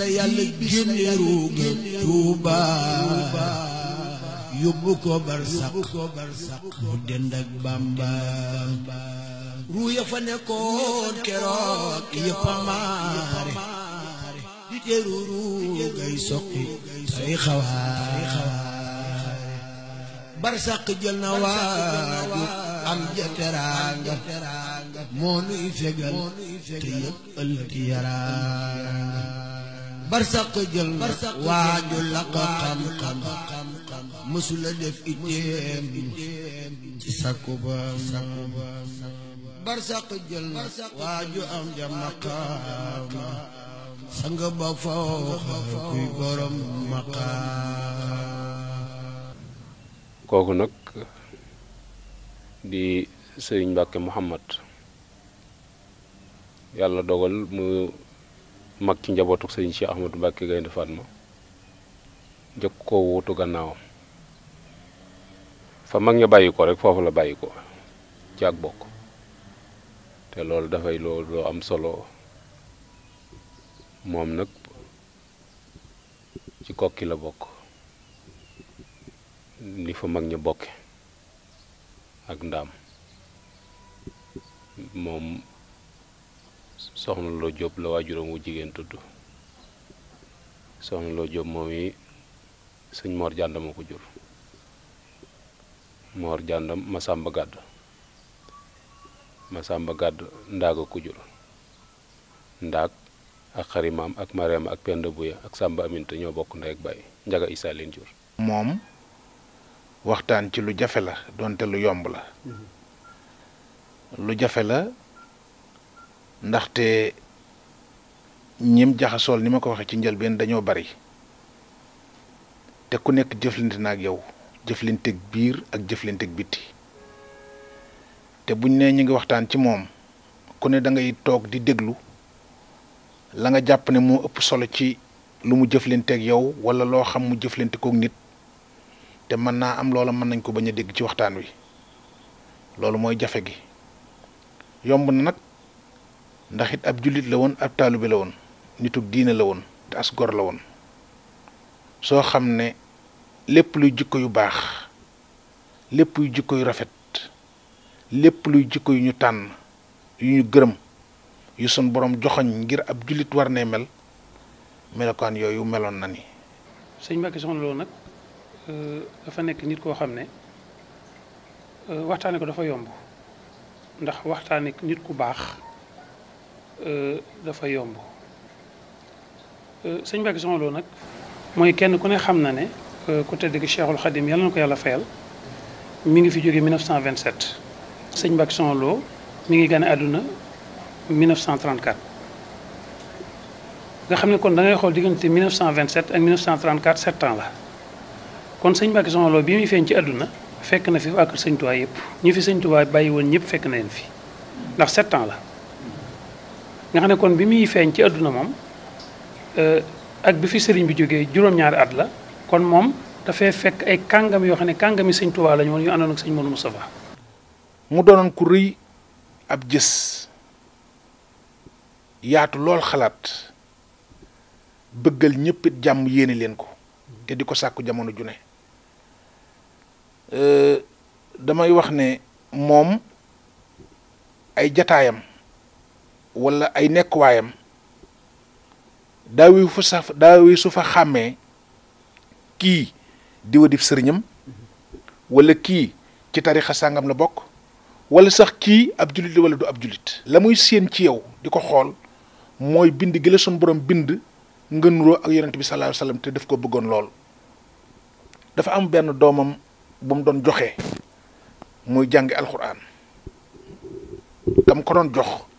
la yàlla génne ruuga Tuuba yóbbu ko barsak mu dend ak Bàmba ruuya fa nekkoon keroog yëpp amaare di teru ruugay soqi tay xawaare barsak jël na waagu am ja teraanga moo nuy fegal te yaraanga barsaq jël waaju la ko xam-xam mësula def itteem ci sakku baam barsaq jël waaju am ja maqaama ba faw kuy borom maqaama kooku nag di sëriñ Mbàkke Muhammad yàlla dogal mu mag ci njabootu sëriñ Cheikh Ahmadou Mbacke Gaynde Fatma jëkk koo wuutu gannaawam fa mag ña bàyyi ko rek foofu la bàyyi ko ci ak bokk te loolu dafay loo loo am solo moom nag ci kokki la bokk li fa mag ña bokke ak ndaam moom soxna Lo Diop la waajuram wu jigéen tudd soxna loo Diop moom yi sëñ Mor Jànd moo ko jur Mor Jànd Masamba Gàdd sàmba Gàdd ndaaga ko jur ndaag ak xarimaam ak Mariam ak Penda Buya ak Samba Aminta ñoo bokk ndey ak bàyyi njaga Isaa leen jur moom waxtaan ci lu jafe la donte lu yomb la mm-hmm. lu jafe la ndaxte ñim jaxasool ni ma ko waxee ci njëlbeen dañoo bari te ku nekk jëflante na ak yow jëflanteeg biir ak jëflanteeg bitti te buñ nee ñu ngi waxtaan ci moom ku ne da ngay toog di déglu la nga jàpp ne moo ëpp solo ci lu mu jëflanteeg yow wala loo xam mu jëflante kook nit te mën naa am loola mën nañ ko bañ a dégg ci waxtaan wi loolu mooy jafe gi yomb na nag. ndax it ab jullit la woon ab bi la woon nitug diine la woon te as gor la woon soo xam ne lépp luy jikko yu baax lépp luy jikko yu rafet lépp luy jikko yu ñu tànn yu ñu gërëm yu sun borom joxoñ ngir ab jullit war ne mel melokaan yooyu meloon na ni. sëñ Mbacke soxna loolu nag euh, dafa nekk nit koo xam ne euh, waxtaane ko dafa yomb ndax waxtaane nit ku baax. Euh, dafa yomb euh, sëñ Mbacke Soxna nag mooy kenn ku ne xam na ne euh, ku tedd gi Cheikhul Khadim yàlla na ko yàlla fayal mu ngi fi jóge 1927 sëñ Mbacke Soxna Lo mi ngi gane àdduna 1934 nga xam ne kon da ngay xool diggante 1927 ak 1934 sept ans la kon sëñ Mbacke Soxna Lo bi muy feeñ ci àdduna fekk na fi ak sëñ Tuubaa yëpp ñi fi sëñ bàyyi woon ñëpp fekk na leen fi ndax sept ans la nga xam ne kon bi muy feeñ ci àdduna moom euh, ak bi fi sëriñ bi jógee juróom-ñaari at la kon moom dafay fekk ay kàngam yoo xam ne kàngami sëñ Tuubaa lañu ñu woon yu àndoon ak sëñ Moodu mu doonoon ku ab jës yaatu lool xalaat bëggal ñëpp jàmm yéene leen ko te di ko sàkku jamono ju ne euh, damay wax ne moom ay jataayam wala ay nekkuwaayam daawi fu daawi su fa xàmmee kii diwa sëriñam walla kii ci tarixa sàngam la bokk wala sax kii ab jullit walla du ab jullit la muy séen ci yow di ko xool mooy bind gi la borom bind nga nuroo ak yonent bi sallallahu alayhi te daf ko bëggoon lool dafa am benn doomam bu mu doon joxe muy jàngi alxuraan dam ko doon jox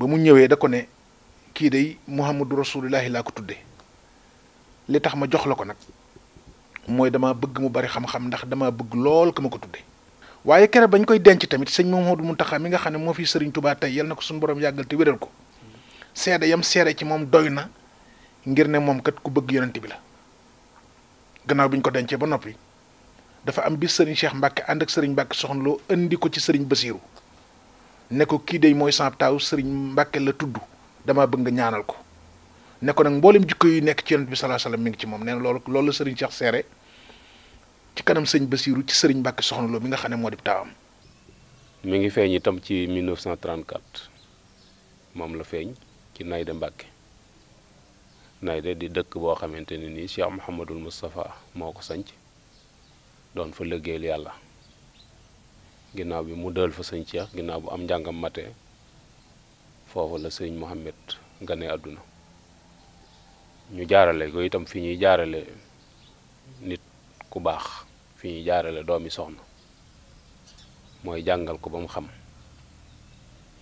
ba mu ñëwee da ko ne kii day muhammadu rasulillahi laa ko tudde li tax ma jox la ko nag mooy dama bëgg mu bari xam-xam ndax dama bëgg lool ka ma ko tudde waaye kere bañ koy denc tamit sëñ Mouhamadou Mountakha mi nga xam ne moo fi sëriñ Touba tey yal na ko suñu borom yàggal te wéral ko seede yam seede ci moom doy na ngir ne moom kat ku bëgg yonent bi la gannaaw bi ñu ko dencee ba noppi dafa am bis sëriñ Cheikh Mbacke ànd ak sëriñ Mbacke soxna loo indi ko ci sëriñ Basirou ne ko kii day mooy sama taaw sëriñ Mbàkke la tudd damaa bëgg nga ñaanal ko ne ko nag mboolem jikko yu nekk ci yonent bi sallallahu alayhi mi ngi ci moom nee na loolu loolu la sëriñ Cheikh seere ci kanam sëñ Basiiru ci sëriñ Mbàkke Soxna Lo mi nga xam ne moo di taawam. mi ngi feeñ itam ci 1934 moom la feeñ ci Nayda Mbàkke Nayda di dëkk boo xamante ne nii Cheikh Mouhamadul Moustapha moo ko sanc doon fa liggéeyal yàlla. ginnaaw bi mu dël fa sëñ Cheikh ginnaaw bu am njàngam mate foofu la sëñ Mouhamed gane àdduna ñu jaarale ko itam fi ñuy jaarale nit ku baax fi ñuy jaarale doomi soxna mooy jàngal ko ba mu xam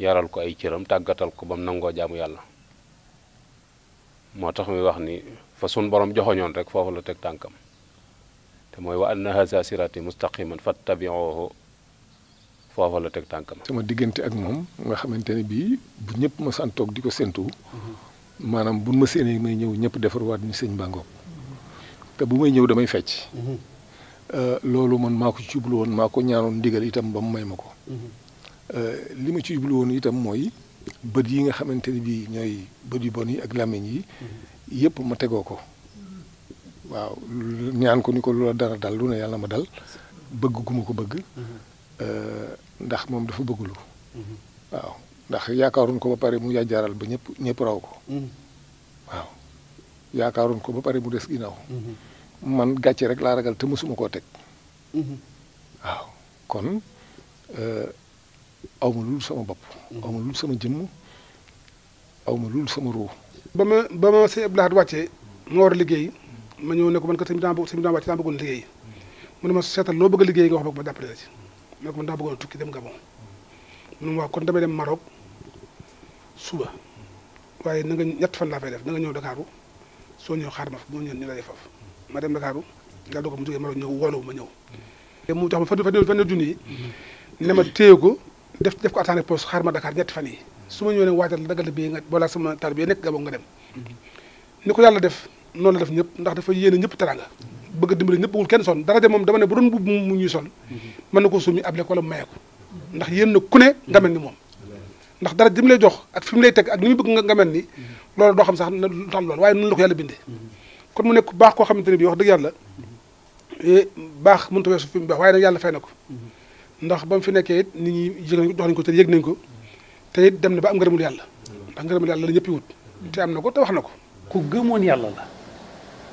yaral ko ay cëram tàggatal ko ba mu nangoo jaamu yàlla moo tax muy wax ni fa sun borom joxoñoon rek foofu la teg tànkam te mooy wa anna haza sirati mustaqiman fattabiuhu foofa la teg tànkam. sama diggante ak moom nga xamante ne bi bu ñëpp ma sant di ko séntu maanaam bu ma séenee may ñëw ñëpp defarwaat ñu sëñ Bango te bu may ñëw damay fecc. Euh, loolu man maa ko ci jublu woon maa ko ñaanoon ndigal itam ba ko. Euh, li ma ci jublu woon itam mooy bët yi nga xamante ne bi ñooy bët yu bon yi ak làmmiñ yi yëpp ma tegoo ko. waaw ñaan ko ni ko loola dara dal lu ne yàlla ma dal bëgg gu ma ko bëgg. Mhm. Euh, ndax moom dafa bëgg lu mhm. waaw ndax yaakaaruñ ko ba pare mu yàjjaaral ba ñëpp ñëpp raw ko mhm. waaw yaakaaruñ ko ba pare mu des ginnaaw mhm. man gàcce rek laa ragal te suma koo teg waaw kon euh, awma lul sama bopp awma lul sama jëmm awma lul sama ruu ba ma ba ma sëñ Abdou Lahad ma war a liggéey ma ñëw ne ko man ko sëñ bi dama bëgg sëñ bi dama wàcce dama bëggoon liggéey mm. mu ne ma seetal loo bëgg a liggéey nga wax ma ko ma jàppale la ci ne ko man daa bëggoon tukki dem Gabon mu ne waaw kon damay dem Maroc suba waaye na nga ñett fan laa fay def na nga ñëw Dakaaru soo ñëw xaar ma fa bu ma ñëw ñu lay faf ma dem Dakaaru nga doog mu jógee Maroc ñëw woolu ma ñëw. te mu jox ma fan fan fan junni yi ne ma téye ko def def ko attendre poste xaar ma Dakar ñett fan yi su ñëwee ne waajal dagal bi nga boolaa sama taal bi nekk Gabon dem. ni ko yàlla def noonu la def ñëpp ndax dafa yéene ñëpp teraanga. bëgg a dimbali ñëpp bëggul kenn sonn dara de moom dama ne bu doon mbubb mu ñuy sol mën na ko sumi able ko la maye ko ndax yéen na ku ne nga mel ni moom ndax dara jëm lay jox ak fi mu lay teg ak ni muy bëgg nga mel ni loolu doo xam sax na lu tax loolu waaye noonu la ko yàlla bindee kon mu nekk baax koo xamante ne bii wax dëgg yàlla e baax mënut a weesu fi mu baax waaye nag yàlla fay na ko ndax ba mu fi nekkee it nit ñi yëg nañ ko dox nañ ko te yëg nañ ko te it dem na ba am ngërëmul yàlla ndax ngërëmul yàlla la ñëpp wut te am na ko te wax na ko ku gëmoon yàlla la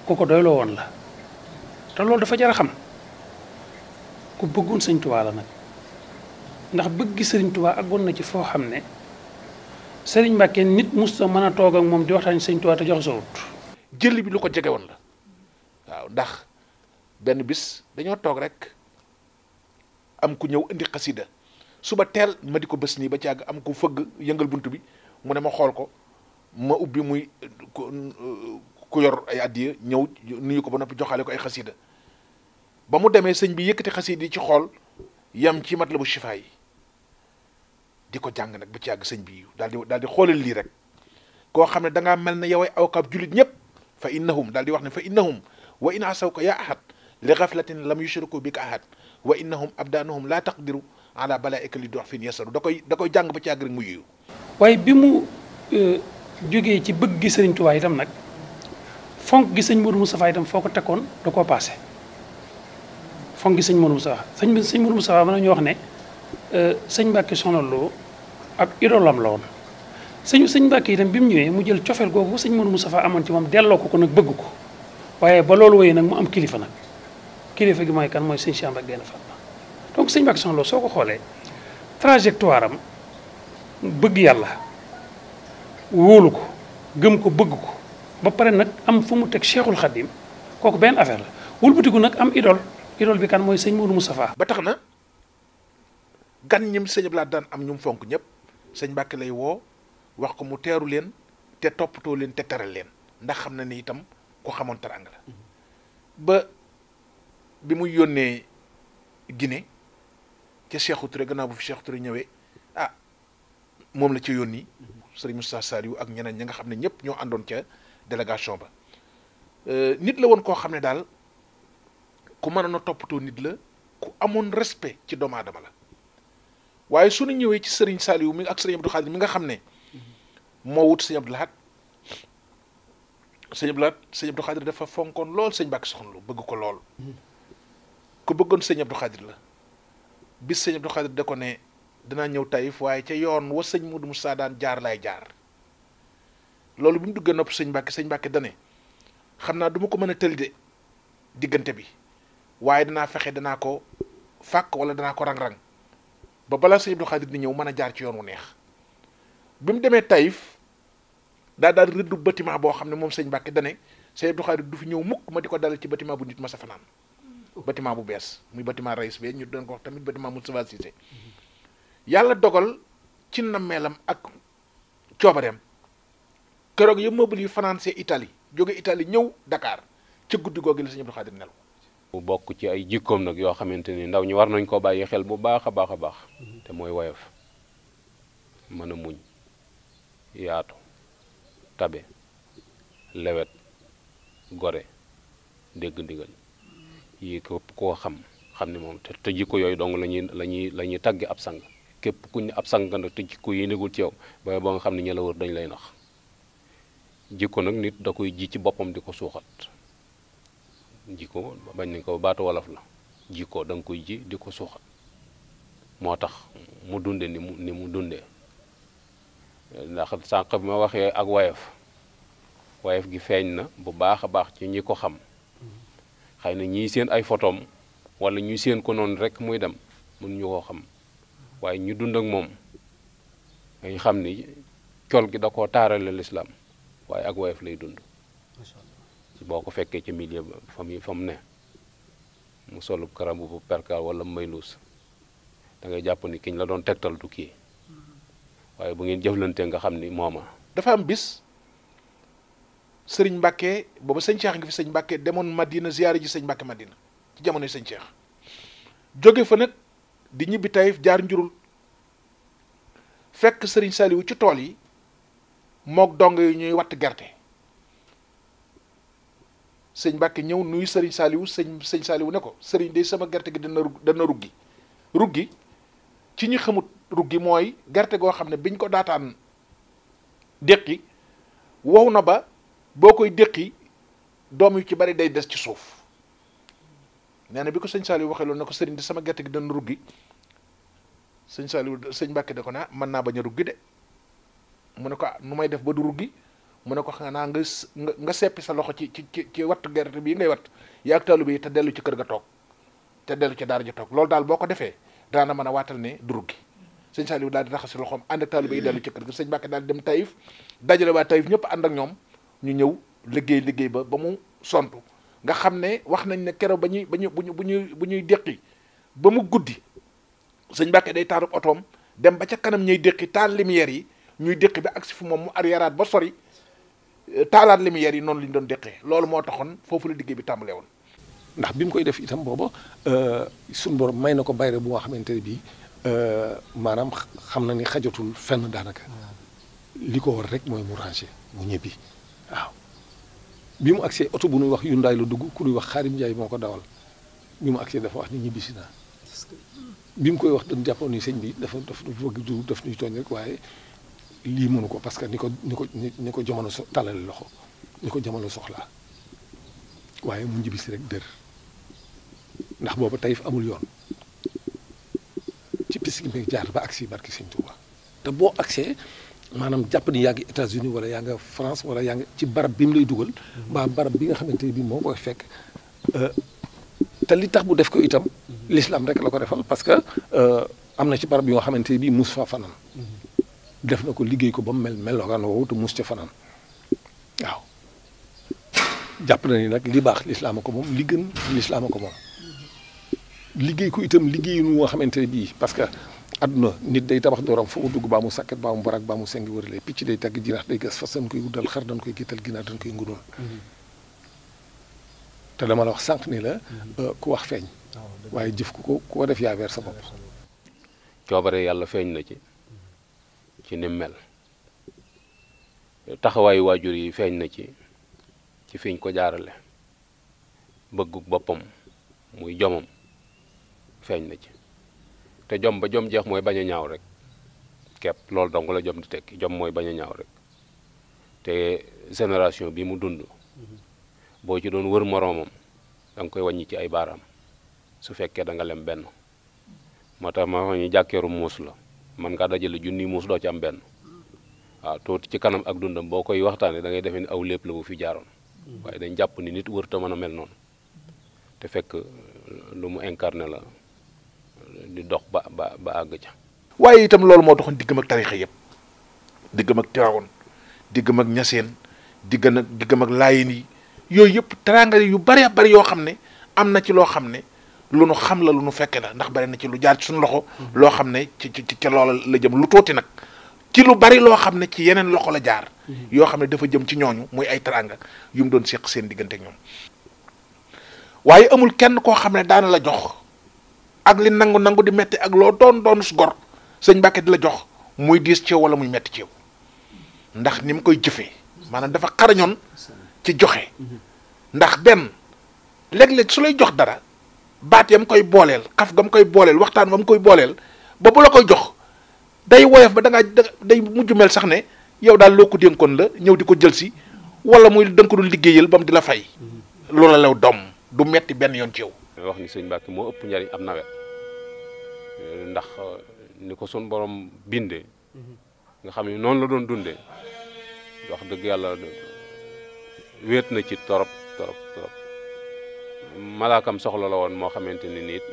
ku ko doyloo woon la te loolu dafa jar xam ku bëggoon sëñ Tuubaa la nag ndax bëgg sëriñ ak àggoon na ci foo xam ne sëriñ Mbàkke nit mus a mën a toog ak moom di waxtaan sëñ te jox sowut jël bi lu ko jege woon la waaw ndax benn bis dañoo toog rek am ku ñëw indi xasida suba teel ma di ko bés nii ba ci àgg am ku fëgg yëngal bunt bi mu ne ma xool ko ma ubbi muy ku yor ay addiya ñëw nuyu ko ba noppi joxaale ko ay xasida ba mu demee sëñ bi yëkkati xasida yi ci xool yam ci mat la bu shifaa yi di ko jàng nag ba ci yàgg sëñ bi daal di daal di xoolal lii rek koo xam ne da mel ne yow ay awkaab jullit ñëpp fa innahum daal di wax ne fa innahum wa in asawka yaa ahad li ghaflatin lam yushriku bika ahad wa innahum abdanuhum laa taqdiru ala balaika li dox fin yasaru da jàng ba ci yàgg mu yiw waaye bi mu euh, jógee ci bëgg gi sëriñ Tuubaa tam nag fonk gi sëñ Modou Moustapha itam foo ko tekkoon da koo paase fonk gi sëñ Modou Moustapha sëñ bi sëñ Modou Moustapha mën nañu wax ne euh, sëñ Mbacke Soxna Lo ab idoolam la woon. sëñ sëñ yi itam bi mu ñëwee mu jël cofeel googu sëñ Modou Moustapha amoon ci moom delloo ko ko nag bëgg ko waaye ba loolu wéyee nag mu am kilifa nag kilifa gi mooy kan mooy sëñ Cheikh Mbacke Gaïndé Fatma donc sëñ Mbacke Soxna Lo soo ko xoolee trajectoire am bëgg yàlla wóolu ko gëm ko bëgg ko. ba pare nag am fu mu teg cheikhul xadim kooku benn affaire la wëlbatiku nag am idole idole bi kan mooy sëñ Modou Moustapha ba tax na gan ñim sëñ Abdou am ñum fonk ñëpp sëñ Mbàkke lay woo wax ko mu teeru leen te toppatoo leen te teral leen ndax xam na ni itam ko xamoon teraanga la ba bi muy yónnee Guinée ca Cheikhou Touré gannaaw bu fi Cheikhou ñëwee ah moom la ca yónni sëriñ Moustapha Saliou ak ñeneen ñi nga xam ne ñëpp ñoo àndoon ca délégation ba euh, nit la woon koo xam ne daal ku mënoon a toppatoo nit la ku amoon respect ci doomu aadama la waaye su ne ñëwee ci Serigne Saliou mi ak Serigne Abdou Khadir mi nga xam ne moo wut Serigne Abdou Lahad Serigne Abdou Lahad Serigne Abdou dafa fonkoon lool Serigne Mbacké Soxna Lo bëgg ko lool ku bëggoon Serigne Abdou Khadir la bis Serigne Abdou Khadir da ko ne danaa ñëw Taïf waaye ca yoon wa sëñ Modou Moussa daan jaar laay jaar loolu bi mu duggee nopp sëñ Mbàkke sëñ dane xam naa duma ko mën a tëlide diggante bi waaye danaa fexe danaa ko fàkk wala danaa ko rang-rang ba balaa sëñ Abdou Khadir ñëw mën a jaar ci yoon wu neex bi mu demee Taïf daa daal rëddu bâtiment boo xam ne moom sëñ Mbàkke dane sëñ Abdou du ñëw mukk ma di ko dalal ci bâtiment bu nit ma sa fanaan bâtiment bu bees muy bâtiment Raïs be ñu doon ko wax tamit bâtiment mu Cissé mm-hmm. yàlla dogal ci nammeelam ak coobareem keroog yëpp meuble yi français Italie jóge Italie ñëw Dakar ci guddi googu la sëñ Abdou Khadir nelaw bu bokk ci ay jikkoom nag yoo xamante ni ndaw ñi war nañ koo bàyyi xel bu baax a baax a baax mm-hmm. te mooy woyof mën a muñ yaatu tabe lewet gore dégg ndigal yi képp koo xam xam ne moom te jikko yooyu dong la ñuy la ñuy la ñuy tagge ab sang képp ku ñu ab sang nag te jikko yi négul ci yow ba ba nga xam ne ña la wër dañ lay nax jikko nag nit da koy ji ci boppam di ko suuxat jikko bañ nañ ko baatu wolof la jikko da koy ji di ko suuxat moo tax mu dunde ni mu ni mu dunde ndax sànq bi ma waxee ak wayaf wayaf gi feeñ na bu baax a baax ci ñi ko xam xëy na ñii seen ay photom walla ñu seen ko noonu rek muy dem mun ñu koo xam waaye ñu dund moom dañ xam ni col gi da ko taarale lislaam waaye ak woyof lay dund boo ko fekkee ci milieu ba famille fa mu ne mu solub karam bu perkaal wala mayluus da ngay jàpp ni kiñ la doon tegtal du kii mm-hmm. waaye bu ngeen jëflantee nga xam ni mooma dafa am bis sëriñ Mbàkke booba sëñ Cheikh nga fi sëñ Mbàkke demoon Madina ziyaare ji sëñ Mbàkke Madina ci jamonoy sëñ Cheikh jóge fa nag di ñibbi Taïf jaar njurul fekk sëriñ Saliou ci tool yi mook dong yi ñuy watt gerte sëñ Mbàkke ñëw nuyu sëriñ Saaliwu sëñ sëñ Saaliwu ne ko sëriñ de sama gerte gi dana dana ruggi ruggi ci ñi xamut ruggi mooy gerte goo xam ne biñ ko daataan déqi wow na ba boo koy déqi doom yu ci bari day des ci suuf nee na bi ko sëñ Saaliwu waxee loolu ne ko sëriñ de sama gerte gi dana ruggi sëñ Saaliwu sëñ Mbàkke da ko naa ah, mën naa bañ a ruggi de mu ne ko ah, nu may def ba du ruggi mu ne ko xanaa nga nga seppi sa loxo ci ci ci wattu gerte bii ngay watt yaa ak taalibe yi te dellu ci kër ga toog te dellu ci daara ja toog loolu daal boo ko defee daana mën a waatal ne du ruggi sëñ Saliou daal di raxas si loxoom ànd ak taalibe yi dellu ci kër ga sëñ Mbàkke daal dem Taïf dajale waa Taïf ñëpp ànd ak ñoom ñu ñëw liggéey liggéey ba ba mu sontu nga xam ne wax nañ ne keroog ba ñuy ba ñuy bu ñuy bu ñuy déqi ba mu guddi sëñ Mbàkke day taarub otoom dem ba ca kanam ñuy déqi taal lumière yi ñuy déq bi ak si fu moom mu arriéraat ba sori euh, taalaat lumière yi noonu la ñu doon déqee loolu moo taxoon foofu la liggéey bi tàmbalee woon. ndax bi mu koy def itam booba euh, suñu borom may na ko bayre bu xamante ne bii euh, maanaam xam na ni fenn daanaka hmm. ko war rek mooy mu ranger mu ñëbbi waaw mu agsee oto bu nuy wax Hyundai la dugg ku nuy wax Xaarim Njaay moo ko dawal bi mu agsee dafa wax ni ñibbisi naa bi mu koy wax dañ jàppoon ni sëñ bi dafa dafa bëgg du daf ñuy tooñ rek waaye lii mënu ko parce que ni ko ni ko ni ko jamono so tàllale loxo ni ko jamono soxlaa waaye mu njibisi rek dër ndax booba tayif amul yoon ci piste bi jaar ba agsi barki Sëñ Tuuba te boo agsee maanaam jàpp ni yaa ngi États-Unis wala yaa nga France wala yaa ngi ci barab bi mu lay dugal mbaa barab bi nga xamante ne bi moo koy fekk euh, te li tax bu def ko itam mm-hmm. l'islam rek la ko defal parce que euh, am na ci barab yoo xamante ne bi mus fa fanaan mm-hmm. def na ko liggéey ko ba mu mel melokaan woowu te mus ca fanaan waaw jàpp na ni nag li baax lislaama ko moom li gën lislaama ko moom liggéey ko itam liggéey nu nga xamante ne bii parce que àdduna nit day tabax dooram foo dugg baa mu sàkket baa mu barak baa mu sengi wërale picc day tagg jinax day gas fas dañ koy wuddal xar dañ koy géttal ginaar dañ koy ngudoon te dama la wax sànq ni la mhm. euh, ku wax feeñ ah, waaye jëf ku ko ku ko def yaa weer sa ci ni mel taxawaayu waajur yi feeñ na ci ci fiñ ko jaarale bëggug boppam muy jomam feeñ na ci te jom ba jom jeex mooy bañ a ñaaw rek kepp loolu dong la jom di tekki jom mooy bañ a ñaaw rek te génération bii mu dund boo ci doon wër moroomam da koy wàññi ci ay baaraam su fekkee da nga lem benn moo tax ma ñu jàkkeeru muus la man ngaa dajale junni muus doo ci am benn waaw tuuti ci kanam ak dundam boo koy waxtaanee da ngay defee ni aw lépp la bu fi jaaroon waaye dañ jàpp ni nit wërta man a mel noonu te fekk euh, lu mu incarné la di dox ba ba ba ca. waaye itam loolu moo doxoon diggam ak tarixa yëpp diggam ak Tiwaawoon diggam ak Ñaseen diggam ak diggam ak Laayeen yi yooyu yëpp teraanga yu bari bari yoo xam ne am na ci loo xam ne. lu nu xam la lu nu fekke la ndax bari na ci lu jaar ci suñu loxo loo xam ne ci ci ci loola la jëm lu tooti nag ci lu bari loo xam ne ci yeneen loxo la jaar mm-hmm. yoo xam ne dafa jëm ci ñooñu muy ay taranga yu mu doon séq seen diggante ñoom waaye amul kenn koo xam ne daana la jox ak li nangu nangu di metti ak loo doon doon su gor sëñ Mbàkke di la jox muy diis ci yow wala muy metti ci ndax ni mu koy jëfee maanaam dafa xarañoon ci joxe mm-hmm. ndax benn léeg-léeg su lay jox dara baat yam koy booleel xaf mu koy booleel waxtaan mu koy booleel ba bu la koy jox day woyof ba da ngaa day mujj mel sax ne yow daal loo ko dénkoon la ñëw di ko jël si wala muy dënk dul liggéeyal ba mu di la fay mhm. loola lew doom du metti benn yoon ci yow. wax ni sëñ Mbacke moo ëpp njariñ am nawet eh, ndax eh, ni ko suñ borom bindee mhm. nga xam ne noonu la doon dundee wax dëgg yàlla eh, wéet na ci torop. malaakam soxla la woon moo xamante ni nit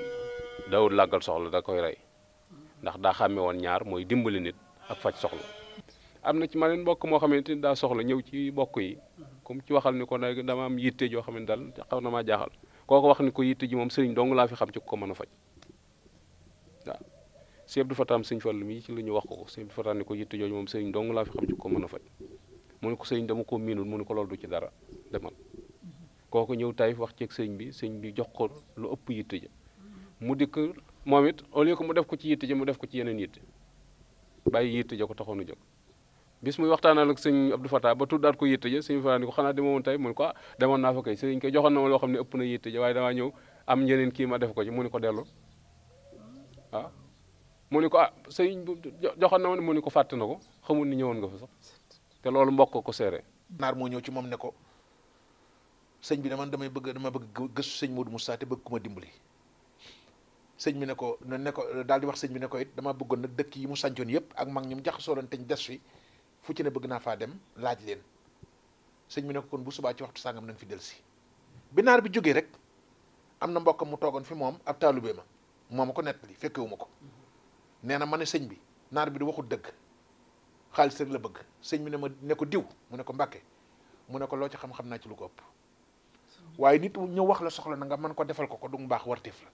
dawul làggal soxla da koy rey ndax daa xàmme woon ñaar mooy dimbali nit ak faj soxla am na ci ma leen mbokk moo xamante ni daa soxla ñëw ci bokk yi comme ci waxal ni ko nag dama am yitte joo xam ne daal xaw na maa jaaxal kooku wax ni ko yitte ji moom sëriñ dong laa fi xam ci ko mën a faj waaw Sëñ fa Fatam sëñ Fallu mii ci lu ñu wax ko Sëñ Abdou Fatam ni ko yitte jooju moom sëriñ dong laa fi xam ci ko mën a faj mu ne ko sëriñ dama ko miinul mu ne ko lool du ci dara demal kooku ñëw tay wax ceeg sëñ bi sëñ bi jox ko lu ëpp yitte ja mu dikk moom it au lieu mu def ko ci yitte ja mu def ko ci yeneen yitte bay yitte ja ko taxoon a jóg bis muy waxtaanal ak sëñ Abdou Fatah ba tuddaat ko yitte ja sëñ Fatah ni ko xanaa demoon Taïf mu ko ah demoon naa fa kay ko joxoon na ma loo xam ne ëpp na yitte ja am ñeneen kii ma def ci mu ko dellu ah. mu ne ko ah sëñ joxoon na ma mu ne ko fàtte ko xamul ni ñëwoon nga fa sax te loolu mbokk ko seere naar moo ñëw ci moom ne ko sëñ bi ne man damay bëgg dama bëgg gëstu sëñ Modou Moussa te bëgg ku ma dimbali sëñ bi ne ko ne ko daal di wax sëñ bi ne ko it dama bëggoon nag dëkk yi mu sàncoon yëpp ak mag ñum jaxasoo loon teñ des fi fu ci ne bëgg naa faa dem laaj leen sëñ bi ne ko kon bu subaa ci waxtu sàngam nañ fi delsi bi naar bi jógee rek am na mbokkam mu toogoon fi moom ab taalube ma moo ma ko nettali fekkewu ma ko nee na ma ne sëñ bi naar bi du waxul dëgg xaalis rek la bëgg sëñ bi ne ma ne ko diw mu ne ko mbàkke mu ne ko loo ci xam-xam naa ci lu ko ëpp waaye nit ñëw wax la soxla na nga mën ko defal ko ko du mbaax warteef la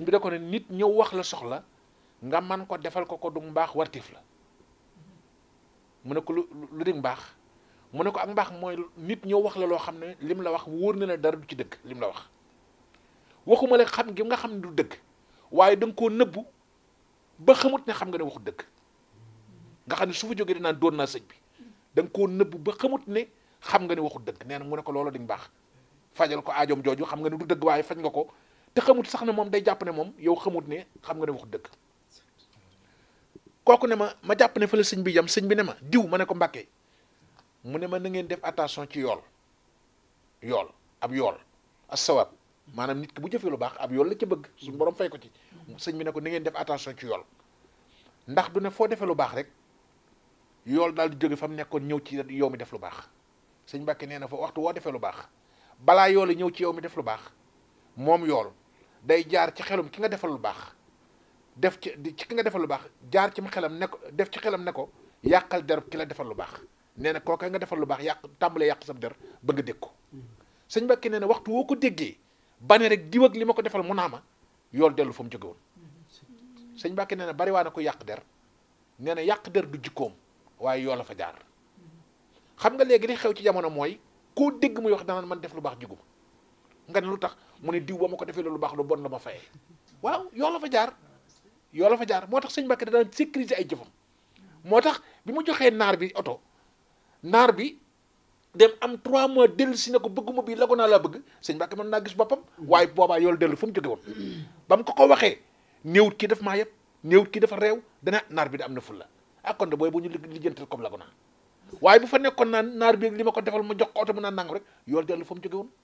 bi da ko ne ñëw wax la soxla nga man ko defal ko ko du mbaax warteef la mu ne ko lu lu mbaax mu ne ko ak mbaax mooy nit ñëw wax la loo xam ne lim la wax wóor na la dara du ci dëgg lim la wax waxuma la xam gi nga xam ne du dëkk waaye da nga koo nëbbu ba xamut ne xam nga ne waxu dëgg nga xam ne su fa jógee naan doon naa sëñ bi da nga koo nëbbu ba xamut ne. xam nga ne waxut dëkk nee na mu ne ko loolu di baax fajal ko aajoom jooju xam nga ne du dëgg waaye faj nga ko te xamut sax ne moom day jàpp ne moom yow xamut ne xam nga ne waxut dëkk kooku ne ma ma jàpp ne fa la sëñ bi jam sëñ bi ne ma diw ma ne ko mbàkkee mu ne ma na ngeen def attention ci yool yool ab yool asawab maanaam nit ki bu jëfee lu baax ab yool la ca bëgg suñu borom fay ko sëñ bi ne ko na ngeen def attention ci yool ndax du ne foo defee lu baax rek yool daal di jóge fa mu nekkoon ñëw ci yow mi def lu baax sëñ Mbàkke nee na fa waxtu woo defee lu baax balaa yool ñëw ci yow mi def lu baax moom yool day jaar ci xelum ki nga defal lu baax def ci ci ki nga defal lu baax jaar ci xelam ne ko def ci xelam ne ko yàqal der ki la defal lu baax nee na kooka nga defal lu baax yàq tàmbalee yàq sab der bëgg dégg ko sëñ Mbàkke nee na waxtu woo ko déggee bane rek diw ak ma ko defal mu naa ma yool dellu fa mu jóge woon sëñ Mbàkke nee na ko yàq der nee na yàq der du jikkoom waaye yool a fa jaar xam nga léegi li xew ci jamono mooy koo dégg muy wax danaan man def lu baax juguma nga ne lu tax mu ne diw ba ma ko defee lu baax lu bon la ma fayee waaw yoo la fa jaar yoo la fa jaar moo tax sëñ Mbàkke daan sécuriser ay jëfam moo tax bi mu joxee naar bi oto naar bi dem am trois mois dellu si na ko bëgguma bii lago naa laa bëgg sëñ Mbàkke mën naa gis boppam waaye boobaa yoolu dellu fu mu jóge woon ba mu ko ko waxee néewut kii daf maa yëpp néewut kii dafa réew dana naar bi da am na fulla ak ah kon booy bu ñu lijjantal comme lago waaye bu fa nekkoon naan naar bi li ma ko defal ma jox ko oto mu naan nangam rek yool dellu fa mu jóge